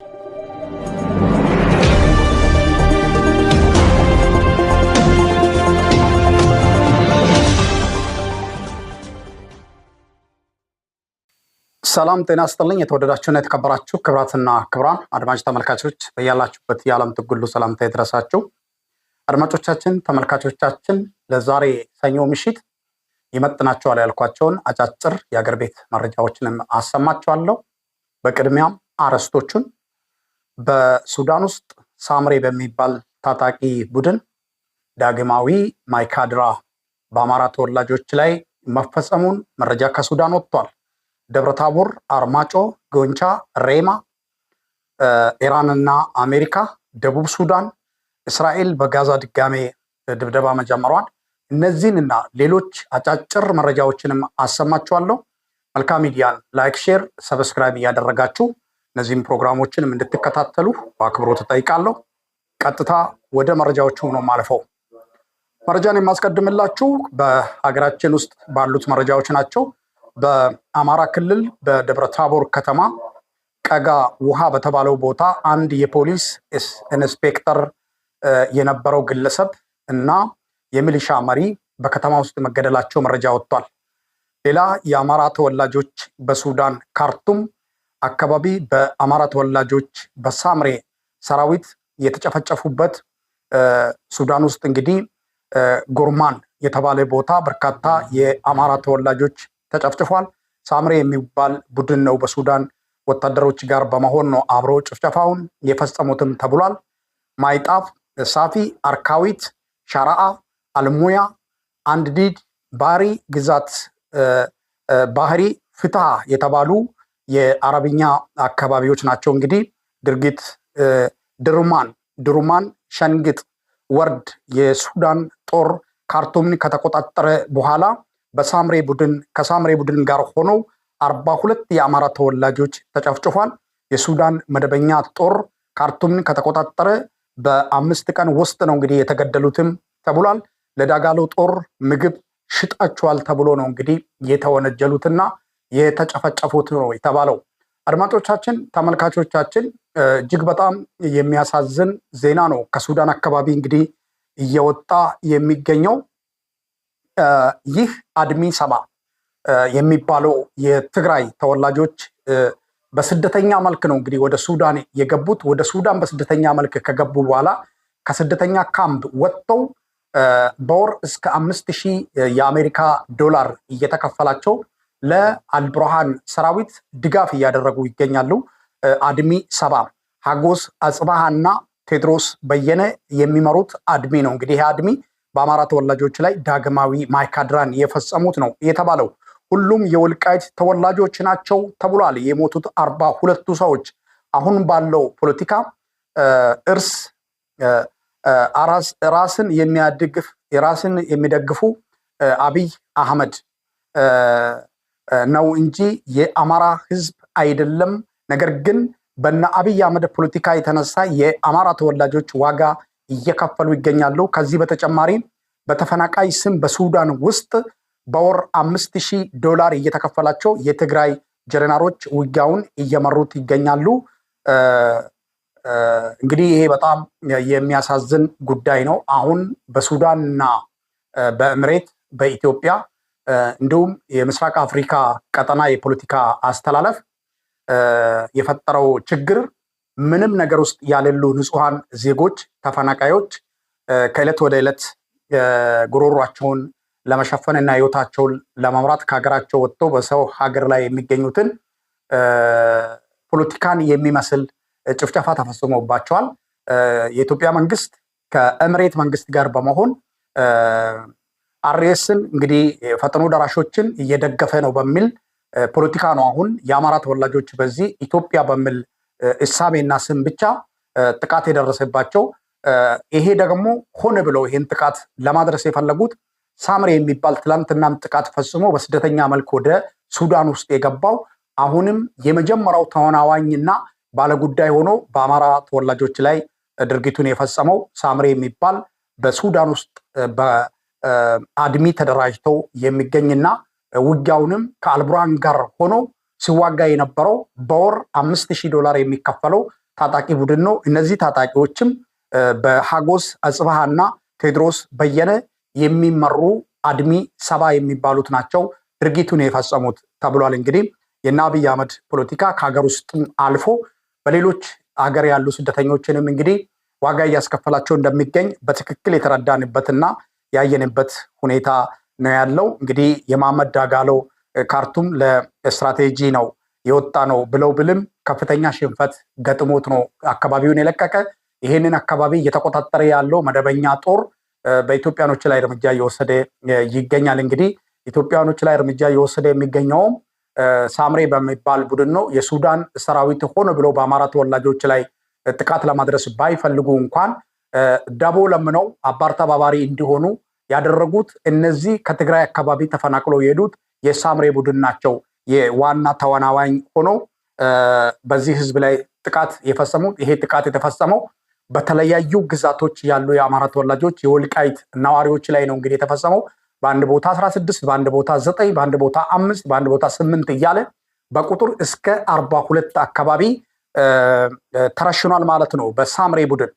ሰላም ጤና ስጥልኝ። የተወደዳችሁና የተከበራችሁ ክብራትና ክብራን አድማጭ ተመልካቾች በያላችሁበት የዓለም ትጉሉ ሰላምታ የደረሳችሁ አድማጮቻችን፣ ተመልካቾቻችን ለዛሬ ሰኞ ምሽት ይመጥናቸዋል ያልኳቸውን አጫጭር የአገር ቤት መረጃዎችንም አሰማችኋለሁ። በቅድሚያም አርዕስቶቹን በሱዳን ውስጥ ሳምሬ በሚባል ታጣቂ ቡድን ዳግማዊ ማይካድራ በአማራ ተወላጆች ላይ መፈጸሙን መረጃ ከሱዳን ወጥቷል። ደብረታቦር፣ አርማጮ፣ ጎንቻ፣ ሬማ፣ ኢራንና አሜሪካ፣ ደቡብ ሱዳን፣ እስራኤል በጋዛ ድጋሜ ድብደባ መጀመሯን እና ሌሎች አጫጭር መረጃዎችንም አሰማችኋለሁ። መልካም ሚዲያን ላይክ፣ ሼር፣ ሰብስክራይብ እያደረጋችሁ እነዚህም ፕሮግራሞችንም እንድትከታተሉ በአክብሮት እጠይቃለሁ። ቀጥታ ወደ መረጃዎች ሆኖ ማለፈው። መረጃን የማስቀድምላችሁ በሀገራችን ውስጥ ባሉት መረጃዎች ናቸው። በአማራ ክልል በደብረ ታቦር ከተማ ቀጋ ውሃ በተባለው ቦታ አንድ የፖሊስ ኢንስፔክተር የነበረው ግለሰብ እና የሚሊሻ መሪ በከተማ ውስጥ መገደላቸው መረጃ ወጥቷል። ሌላ የአማራ ተወላጆች በሱዳን ካርቱም አካባቢ በአማራ ተወላጆች በሳምሬ ሰራዊት የተጨፈጨፉበት ሱዳን ውስጥ እንግዲህ ጎርማን የተባለ ቦታ በርካታ የአማራ ተወላጆች ተጨፍጭፏል። ሳምሬ የሚባል ቡድን ነው በሱዳን ወታደሮች ጋር በመሆን ነው አብሮ ጭፍጨፋውን የፈጸሙትም ተብሏል። ማይጣፍ፣ ሳፊ፣ አርካዊት፣ ሻራአ፣ አልሙያ፣ አንድዲድ ባህሪ ግዛት፣ ባህሪ፣ ፍትሃ የተባሉ የአረብኛ አካባቢዎች ናቸው። እንግዲህ ድርጊት ድሩማን ድሩማን ሸንግጥ ወርድ የሱዳን ጦር ካርቱምን ከተቆጣጠረ በኋላ በሳምሬ ቡድን ከሳምሬ ቡድን ጋር ሆኖ አርባ ሁለት የአማራ ተወላጆች ተጨፍጭፏል። የሱዳን መደበኛ ጦር ካርቱምን ከተቆጣጠረ በአምስት ቀን ውስጥ ነው እንግዲህ የተገደሉትም ተብሏል። ለዳጋሎ ጦር ምግብ ሽጣችኋል ተብሎ ነው እንግዲህ የተወነጀሉትና የተጨፈጨፉት ነው የተባለው። አድማጮቻችን፣ ተመልካቾቻችን እጅግ በጣም የሚያሳዝን ዜና ነው ከሱዳን አካባቢ እንግዲህ እየወጣ የሚገኘው ይህ አድሚ ሰባ የሚባለው የትግራይ ተወላጆች በስደተኛ መልክ ነው እንግዲህ ወደ ሱዳን የገቡት። ወደ ሱዳን በስደተኛ መልክ ከገቡ በኋላ ከስደተኛ ካምፕ ወጥተው በወር እስከ አምስት ሺህ የአሜሪካ ዶላር እየተከፈላቸው ለአልብርሃን ሰራዊት ድጋፍ እያደረጉ ይገኛሉ። አድሚ ሰባ ሀጎስ አጽባሃና ቴድሮስ በየነ የሚመሩት አድሚ ነው። እንግዲህ ይህ አድሚ በአማራ ተወላጆች ላይ ዳግማዊ ማይካድራን የፈጸሙት ነው የተባለው። ሁሉም የወልቃይት ተወላጆች ናቸው ተብሏል። የሞቱት አርባ ሁለቱ ሰዎች አሁን ባለው ፖለቲካ እርስ ራስን የሚያድግፍ የራስን የሚደግፉ አብይ አህመድ ነው እንጂ የአማራ ህዝብ አይደለም። ነገር ግን በነ አብይ አህመድ ፖለቲካ የተነሳ የአማራ ተወላጆች ዋጋ እየከፈሉ ይገኛሉ። ከዚህ በተጨማሪ በተፈናቃይ ስም በሱዳን ውስጥ በወር አምስት ሺህ ዶላር እየተከፈላቸው የትግራይ ጀነራሎች ውጊያውን እየመሩት ይገኛሉ። እንግዲህ ይሄ በጣም የሚያሳዝን ጉዳይ ነው። አሁን በሱዳንና በእምሬት በኢትዮጵያ እንዲሁም የምስራቅ አፍሪካ ቀጠና የፖለቲካ አስተላለፍ የፈጠረው ችግር ምንም ነገር ውስጥ ያሌሉ ንጹሐን ዜጎች ተፈናቃዮች ከእለት ወደ ዕለት ጉሮሯቸውን ለመሸፈን እና ህይወታቸውን ለመምራት ከሀገራቸው ወጥተው በሰው ሀገር ላይ የሚገኙትን ፖለቲካን የሚመስል ጭፍጨፋ ተፈጽሞባቸዋል። የኢትዮጵያ መንግስት ከእምሬት መንግስት ጋር በመሆን አርኤስን እንግዲህ ፈጥኖ ደራሾችን እየደገፈ ነው በሚል ፖለቲካ ነው አሁን የአማራ ተወላጆች በዚህ ኢትዮጵያ በሚል እሳቤና ስም ብቻ ጥቃት የደረሰባቸው። ይሄ ደግሞ ሆነ ብለው ይህን ጥቃት ለማድረስ የፈለጉት ሳምሬ የሚባል ትላንትናም ጥቃት ፈጽሞ በስደተኛ መልክ ወደ ሱዳን ውስጥ የገባው አሁንም የመጀመሪያው ተወናዋኝና ባለጉዳይ ሆኖ በአማራ ተወላጆች ላይ ድርጊቱን የፈጸመው ሳምሬ የሚባል በሱዳን ውስጥ አድሚ ተደራጅተው የሚገኝና ውጊያውንም ከአልቡራን ጋር ሆኖ ሲዋጋ የነበረው በወር አምስት ሺህ ዶላር የሚከፈለው ታጣቂ ቡድን ነው። እነዚህ ታጣቂዎችም በሀጎስ አጽብሃና ቴዎድሮስ በየነ የሚመሩ አድሚ ሰባ የሚባሉት ናቸው ድርጊቱን የፈጸሙት ተብሏል። እንግዲህ የእነ አብይ አህመድ ፖለቲካ ከሀገር ውስጥም አልፎ በሌሎች ሀገር ያሉ ስደተኞችንም እንግዲህ ዋጋ እያስከፈላቸው እንደሚገኝ በትክክል የተረዳንበትና ያየንበት ሁኔታ ነው ያለው። እንግዲህ የማመድ ዳጋሎ ካርቱም ለስትራቴጂ ነው የወጣ ነው ብለው ብልም ከፍተኛ ሽንፈት ገጥሞት ነው አካባቢውን የለቀቀ። ይህንን አካባቢ እየተቆጣጠረ ያለው መደበኛ ጦር በኢትዮጵያኖች ላይ እርምጃ እየወሰደ ይገኛል። እንግዲህ ኢትዮጵያኖች ላይ እርምጃ እየወሰደ የሚገኘውም ሳምሬ በሚባል ቡድን ነው። የሱዳን ሰራዊት ሆነ ብሎ በአማራ ተወላጆች ላይ ጥቃት ለማድረስ ባይፈልጉ እንኳን ዳቦ ለምነው አባር ተባባሪ እንዲሆኑ ያደረጉት እነዚህ ከትግራይ አካባቢ ተፈናቅለው የሄዱት የሳምሬ ቡድን ናቸው። የዋና ተዋናዋኝ ሆኖ በዚህ ህዝብ ላይ ጥቃት የፈጸሙት ይሄ ጥቃት የተፈጸመው በተለያዩ ግዛቶች ያሉ የአማራ ተወላጆች የወልቃይት ነዋሪዎች ላይ ነው እንግዲህ የተፈጸመው። በአንድ ቦታ 16 በአንድ ቦታ 9 በአንድ ቦታ አምስት በአንድ ቦታ ስምንት እያለ በቁጥር እስከ አርባ ሁለት አካባቢ ተረሽኗል ማለት ነው በሳምሬ ቡድን።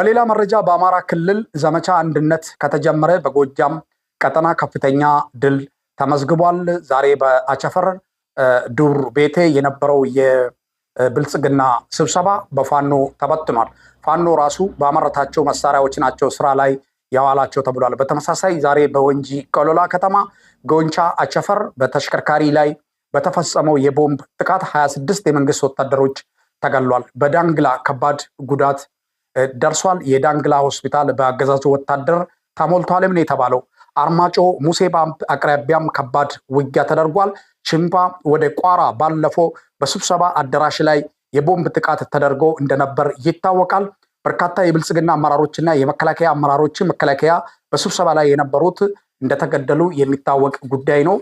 በሌላ መረጃ በአማራ ክልል ዘመቻ አንድነት ከተጀመረ በጎጃም ቀጠና ከፍተኛ ድል ተመዝግቧል። ዛሬ በአቸፈር ዱር ቤቴ የነበረው የብልጽግና ስብሰባ በፋኖ ተበትኗል። ፋኖ ራሱ በአመረታቸው መሳሪያዎች ናቸው ስራ ላይ ያዋላቸው ተብሏል። በተመሳሳይ ዛሬ በወንጂ ቆሎላ ከተማ ጎንቻ አቸፈር በተሽከርካሪ ላይ በተፈጸመው የቦምብ ጥቃት 26 የመንግስት ወታደሮች ተገሏል። በዳንግላ ከባድ ጉዳት ደርሷል። የዳንግላ ሆስፒታል በአገዛዙ ወታደር ተሞልቷልም ምን የተባለው። አርማጮ ሙሴ ባምፕ አቅራቢያም ከባድ ውጊያ ተደርጓል። ሽንፋ ወደ ቋራ ባለፈው በስብሰባ አዳራሽ ላይ የቦምብ ጥቃት ተደርጎ እንደነበር ይታወቃል። በርካታ የብልጽግና አመራሮችና የመከላከያ አመራሮች መከላከያ በስብሰባ ላይ የነበሩት እንደተገደሉ የሚታወቅ ጉዳይ ነው።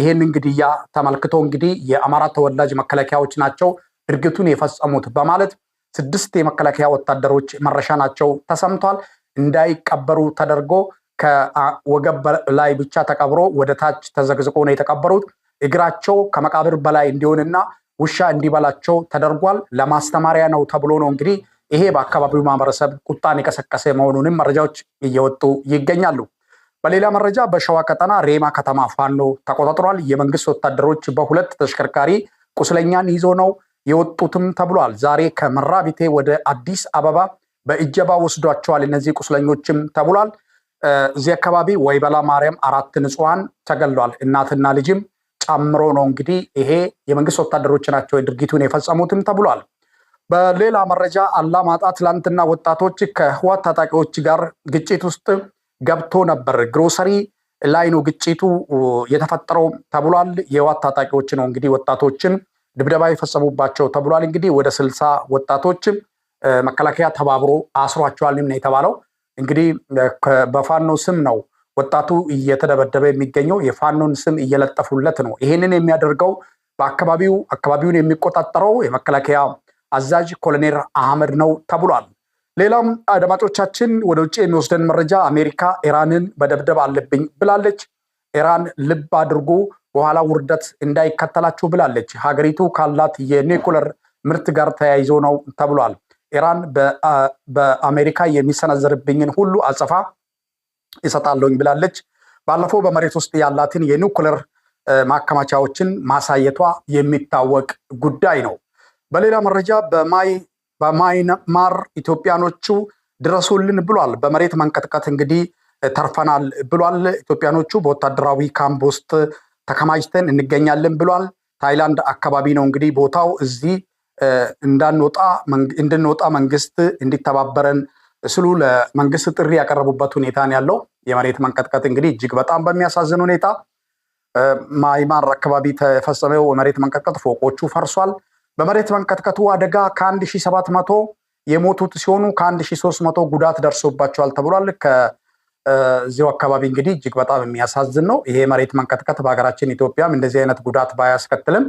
ይሄንን ግድያ ተመልክቶ እንግዲህ የአማራ ተወላጅ መከላከያዎች ናቸው ድርጊቱን የፈጸሙት በማለት ስድስት የመከላከያ ወታደሮች መረሻናቸው ተሰምቷል። እንዳይቀበሩ ተደርጎ ከወገብ ላይ ብቻ ተቀብሮ ወደ ታች ተዘግዝቆ ነው የተቀበሩት። እግራቸው ከመቃብር በላይ እንዲሆንና ውሻ እንዲበላቸው ተደርጓል። ለማስተማሪያ ነው ተብሎ ነው እንግዲህ ይሄ በአካባቢው ማህበረሰብ ቁጣን የቀሰቀሰ መሆኑንም መረጃዎች እየወጡ ይገኛሉ። በሌላ መረጃ በሸዋ ቀጠና ሬማ ከተማ ፋኖ ተቆጣጥሯል። የመንግስት ወታደሮች በሁለት ተሽከርካሪ ቁስለኛን ይዞ ነው የወጡትም ተብሏል። ዛሬ ከመራቢቴ ወደ አዲስ አበባ በእጀባ ወስዷቸዋል። እነዚህ ቁስለኞችም ተብሏል። እዚህ አካባቢ ወይበላ ማርያም አራት ንጹሐን ተገሏል። እናትና ልጅም ጨምሮ ነው። እንግዲህ ይሄ የመንግስት ወታደሮች ናቸው ድርጊቱን የፈጸሙትም ተብሏል። በሌላ መረጃ አላማጣ ትላንትና ወጣቶች ከህዋት ታጣቂዎች ጋር ግጭት ውስጥ ገብቶ ነበር። ግሮሰሪ ላይ ነው ግጭቱ የተፈጠረው ተብሏል። የህዋት ታጣቂዎች ነው እንግዲህ ወጣቶችን ድብደባ የፈጸሙባቸው ተብሏል። እንግዲህ ወደ ስልሳ ወጣቶችም መከላከያ ተባብሮ አስሯቸዋል ነው የተባለው። እንግዲህ በፋኖ ስም ነው ወጣቱ እየተደበደበ የሚገኘው የፋኖን ስም እየለጠፉለት ነው። ይሄንን የሚያደርገው በአካባቢው አካባቢውን የሚቆጣጠረው የመከላከያ አዛዥ ኮሎኔል አህመድ ነው ተብሏል። ሌላም አድማጮቻችን ወደ ውጭ የሚወስደን መረጃ አሜሪካ ኢራንን መደብደብ አለብኝ ብላለች። ኢራን ልብ አድርጎ በኋላ ውርደት እንዳይከተላችሁ ብላለች። ሀገሪቱ ካላት የኒኩለር ምርት ጋር ተያይዞ ነው ተብሏል። ኢራን በአሜሪካ የሚሰነዘርብኝን ሁሉ አጸፋ ይሰጣለሁኝ ብላለች። ባለፈው በመሬት ውስጥ ያላትን የኒኩለር ማከማቻዎችን ማሳየቷ የሚታወቅ ጉዳይ ነው። በሌላ መረጃ በማይናማር ኢትዮጵያኖቹ ድረሱልን ብሏል። በመሬት መንቀጥቀጥ እንግዲህ ተርፈናል ብሏል። ኢትዮጵያኖቹ በወታደራዊ ካምፕ ውስጥ ተከማችተን እንገኛለን ብሏል። ታይላንድ አካባቢ ነው እንግዲህ ቦታው። እዚህ እንድንወጣ መንግስት እንዲተባበረን ስሉ ለመንግስት ጥሪ ያቀረቡበት ሁኔታ ነው ያለው። የመሬት መንቀጥቀጥ እንግዲህ እጅግ በጣም በሚያሳዝን ሁኔታ ማይማር አካባቢ ተፈጸመው የመሬት መንቀጥቀጥ ፎቆቹ ፈርሷል። በመሬት መንቀጥቀጡ አደጋ ከ1700 መቶ የሞቱት ሲሆኑ ከ1300 መቶ ጉዳት ደርሶባቸዋል ተብሏል። እዚሁ አካባቢ እንግዲህ እጅግ በጣም የሚያሳዝን ነው። ይሄ መሬት መንቀጥቀጥ በሀገራችን ኢትዮጵያም እንደዚህ አይነት ጉዳት ባያስከትልም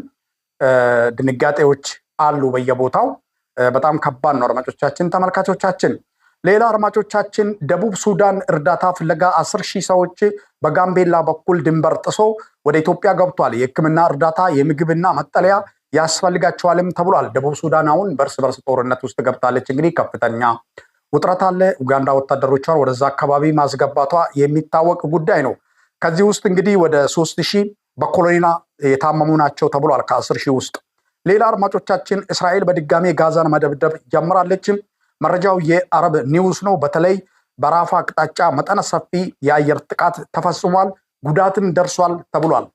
ድንጋጤዎች አሉ በየቦታው በጣም ከባድ ነው። አድማጮቻችን፣ ተመልካቾቻችን ሌላ አድማጮቻችን ደቡብ ሱዳን እርዳታ ፍለጋ አስር ሺህ ሰዎች በጋምቤላ በኩል ድንበር ጥሶ ወደ ኢትዮጵያ ገብቷል። የሕክምና እርዳታ የምግብና መጠለያ ያስፈልጋቸዋልም ተብሏል። ደቡብ ሱዳን አሁን በእርስ በርስ ጦርነት ውስጥ ገብታለች። እንግዲህ ከፍተኛ ውጥረት አለ። ኡጋንዳ ወታደሮቿን ወደዛ አካባቢ ማስገባቷ የሚታወቅ ጉዳይ ነው። ከዚህ ውስጥ እንግዲህ ወደ ሶስት ሺህ በኮሎኒና የታመሙ ናቸው ተብሏል ከአስር ሺህ ውስጥ። ሌላ አድማጮቻችን፣ እስራኤል በድጋሜ ጋዛን መደብደብ ጀምራለች። መረጃው የአረብ ኒውስ ነው። በተለይ በራፋ አቅጣጫ መጠነ ሰፊ የአየር ጥቃት ተፈጽሟል፣ ጉዳትም ደርሷል ተብሏል።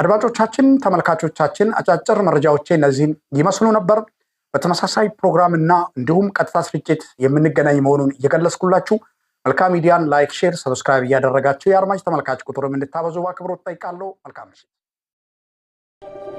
አድማጮቻችን፣ ተመልካቾቻችን አጫጭር መረጃዎች እነዚህን ይመስሉ ነበር። በተመሳሳይ ፕሮግራምና እንዲሁም ቀጥታ ስርጭት የምንገናኝ መሆኑን እየገለጽኩላችሁ መልካም ሚዲያን ላይክ፣ ሼር፣ ሰብስክራይብ እያደረጋችሁ የአድማጭ ተመልካች ቁጥርም እንድታበዙ በአክብሮት ጠይቃለሁ። መልካም ምሽት።